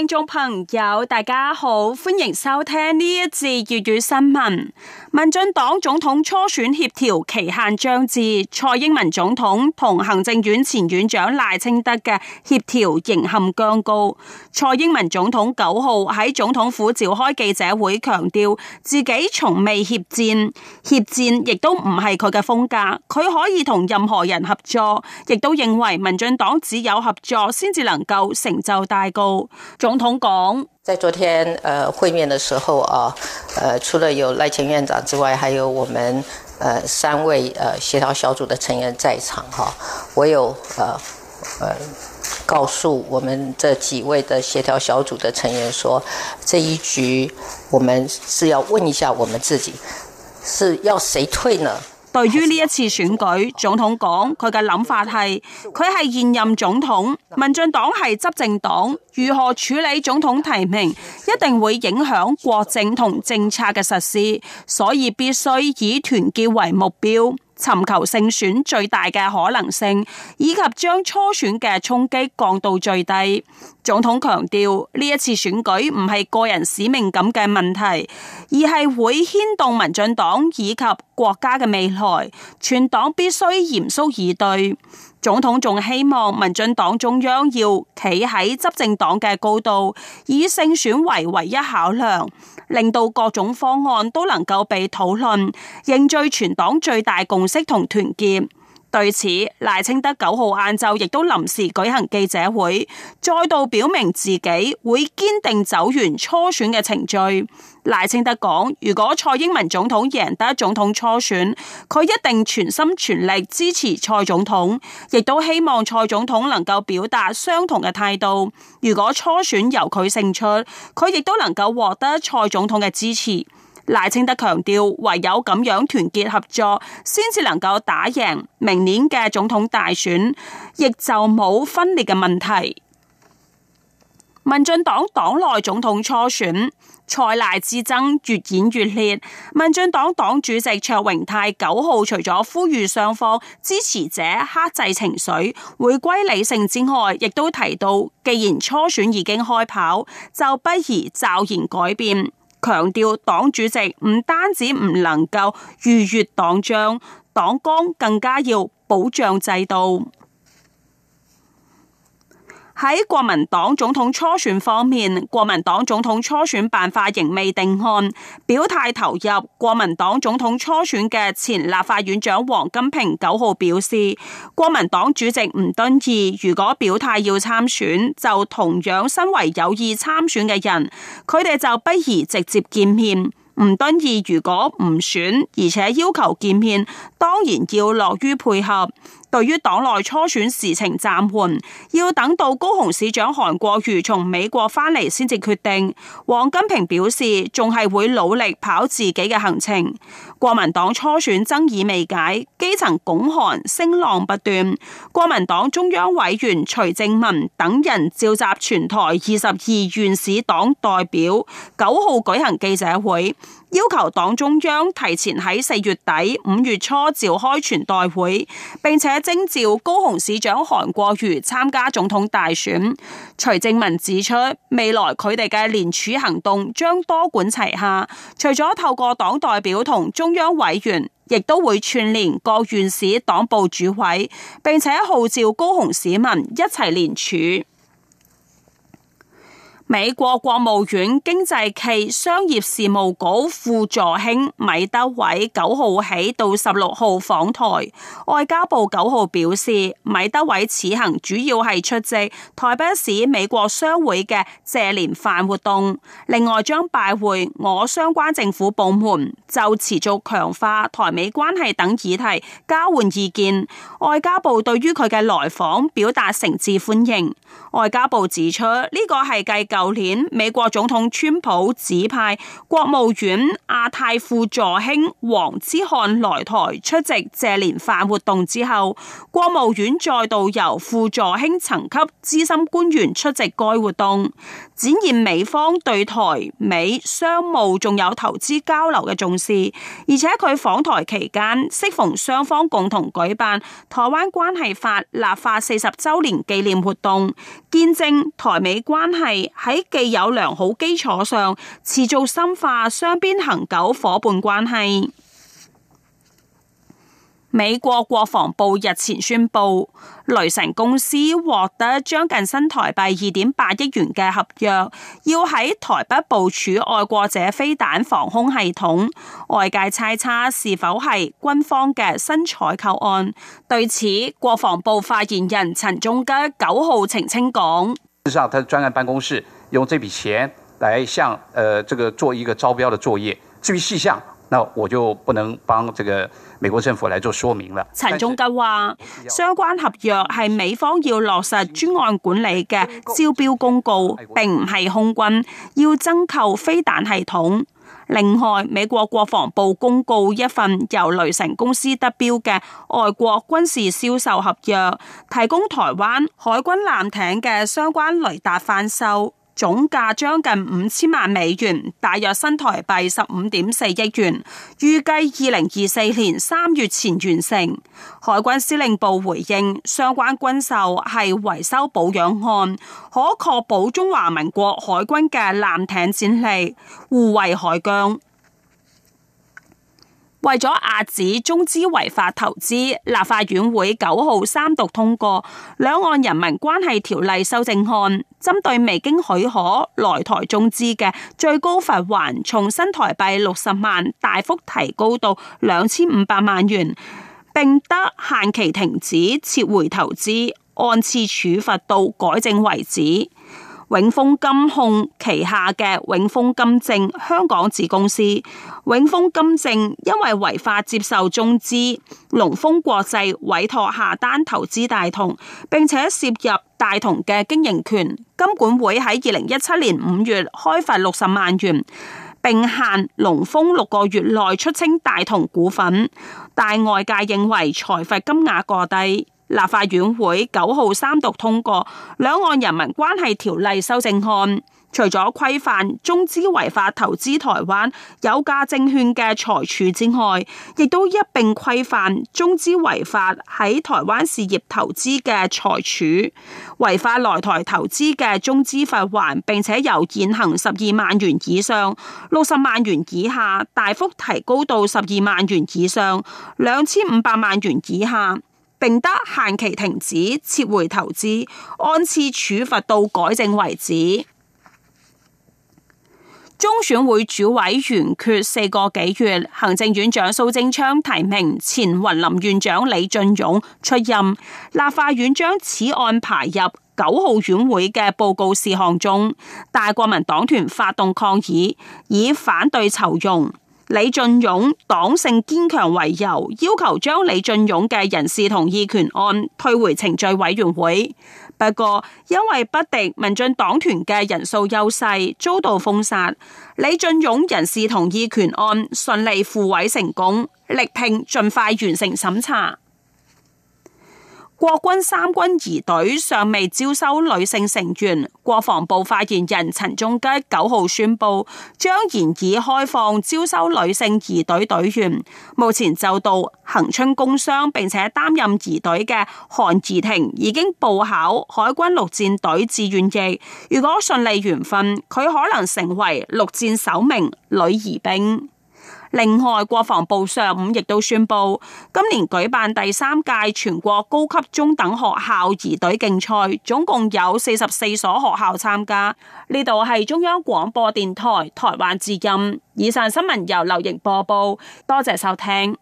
聽眾朋友，大家好，歡迎收聽呢一節粵語新聞。民進黨總統初選協調期限將至，蔡英文總統同行政院前院長賴清德嘅協調仍陷僵局。蔡英文總統九號喺總統府召開記者會，強調自己從未怯戰，怯戰亦都唔係佢嘅風格。佢可以同任何人合作，亦都認為民進黨只有合作先至能夠成就大局。總統講，在昨天呃會面的時候啊，呃，除了有賴清院長之外，還有我們呃三位呃協調小組的成員在場哈、哦。我有呃呃告訴我們這幾位的協調小組的成員說，這一局我們是要問一下我們自己是要誰退呢？對於呢一次選舉，總統講佢嘅諗法係，佢係現任總統，民進黨係執政黨，如何處理總統提名一定會影響國政同政策嘅實施，所以必須以團結為目標，尋求勝選最大嘅可能性，以及將初選嘅衝擊降到最低。總統強調呢一次選舉唔係個人使命感嘅問題，而係會牽動民進黨以及國家嘅未來，全黨必須嚴肅以對。總統仲希望民進黨中央要企喺執政黨嘅高度，以勝選為唯一考量，令到各種方案都能夠被討論，凝聚全黨最大共識同團結。對此，賴清德九號晏晝亦都臨時舉行記者會，再度表明自己會堅定走完初選嘅程序。賴清德講：如果蔡英文總統贏得總統初選，佢一定全心全力支持蔡總統，亦都希望蔡總統能夠表達相同嘅態度。如果初選由佢勝出，佢亦都能夠獲得蔡總統嘅支持。賴清德強調，唯有咁樣團結合作，先至能夠打贏明年嘅總統大選，亦就冇分裂嘅問題。民進黨黨內總統初選，蔡賴之爭越演越烈，民進黨黨主席卓榮泰九號除咗呼籲雙方支持者克制情緒，回歸理性之外，亦都提到，既然初選已經開跑，就不宜驟然改變。強調黨主席唔單止唔能夠逾越黨章，黨綱更加要保障制度。喺國民黨總統初選方面，國民黨總統初選辦法仍未定案。表態投入國民黨總統初選嘅前立法院長王金平九號表示，國民黨主席吳敦義如果表態要參選，就同樣身為有意參選嘅人，佢哋就不宜直接見面。吳敦義如果唔選，而且要求見面，當然要樂於配合。對於黨內初選事情暫緩，要等到高雄市長韓國瑜從美國返嚟先至決定。王金平表示仲係會努力跑自己嘅行程。國民黨初選爭議未解，基層拱韓聲浪不斷。國民黨中央委員徐正文等人召集全台二十二縣市黨代表，九號舉行記者會，要求黨中央提前喺四月底五月初召開全代會，並且徵召高雄市長韓國瑜參加總統大選，徐正文指出，未來佢哋嘅聯署行動將多管齊下，除咗透過黨代表同中央委員，亦都會串聯各縣市黨部主委，並且號召高雄市民一齊聯署。美國國務院經濟暨商業事務局副助卿米德偉九號起到十六號訪台，外交部九號表示，米德偉此行主要係出席台北市美國商會嘅謝年飯活動，另外將拜會我相關政府部門，就持續強化台美關係等議題交換意見。外交部對於佢嘅來訪表達誠摯歡迎。外交部指出，呢個係繼緊。舊年美國總統川普指派國務院亞太副助卿黃之瀚來台出席謝聯飯活動之後，國務院再度由副助卿層級資深官員出席該活動，展現美方對台美商務仲有投資交流嘅重視。而且佢訪台期間，適逢雙方共同舉辦台灣關係法立法四十周年紀念活動，見證台美關係系。喺既有良好基礎上，持續深化雙邊恒久伙伴關係。美國國防部日前宣布，雷神公司獲得將近新台幣二點八億元嘅合約，要喺台北部署愛國者飛彈防空系統。外界猜測是否係軍方嘅新採購案？對此，國防部發言人陳忠吉九號澄清講：事實上，他專案辦公室。用這筆錢來向，誒、呃，這個做一個招標的作業。至於細項，那我就不能幫這個美國政府來做說明了。是陳忠吉話，相關合約係美方要落實專案管理嘅招標公告，並唔係空軍要增購飛彈系統。另外，美國國防部公告一份由雷神公司得標嘅外國軍事銷售合約，提供台灣海軍艦艇嘅相關雷達翻修。總價將近五千萬美元，大約新台幣十五點四億元，預計二零二四年三月前完成。海軍司令部回應相關軍售係維修保養案，可確保中華民國海軍嘅艦艇戰力，護衛海疆。為咗遏止中資違法投資，立法院會九號三讀通過《兩岸人民關係條例修正案》。針對未經許可來台中資嘅最高罰鍰從新台幣六十萬大幅提高到兩千五百萬元，並得限期停止撤回投資，按次處罰到改正為止。永豐金控旗下嘅永豐金證香港子公司永豐金證因為違法接受中資龍豐國際委託下單投資大同，並且涉入大同嘅經營權。金管會喺二零一七年五月開罰六十萬元，並限龍峰六個月內出清大同股份，但外界認為財罰金額過低。立法院會九號三讀通過《兩岸人民關係條例》修正案。除咗規範中資違法投資臺灣有價證券嘅裁處之外，亦都一併規範中資違法喺臺灣事業投資嘅裁處，違法來臺投資嘅中資罰鍰，並且由現行十二萬元以上六十萬元以下大幅提高到十二萬元以上兩千五百萬元以下，並得限期停止撤回投資，按次處罰到改正為止。中選會主委員缺四個幾月，行政院長蘇貞昌提名前雲林院長李進勇出任，立法院將此案排入九號院會嘅報告事項中，大國民黨團發動抗議，以反對酬庸。李進勇黨性堅強為由，要求將李進勇嘅人事同意權案退回程序委員會。不過，因為不敵民進黨團嘅人數優勢，遭到封殺。李進勇人事同意權案順利付委成功，力拼盡快完成審查。國軍三軍儀隊尚未招收女性成員，國防部發言人陳中吉九號宣布將研議開放招收女性儀隊隊員。目前就到恆春工商並且擔任儀隊嘅韓儀婷已經報考海軍陸戰隊志願役，如果順利緣分，佢可能成為陸戰首名女儀兵。另外，國防部上午亦都宣布，今年舉辦第三屆全國高級中等學校儀隊競賽，總共有四十四所學校參加。呢度係中央廣播電台台灣之音。以上新聞由劉瑩播報，多謝收聽。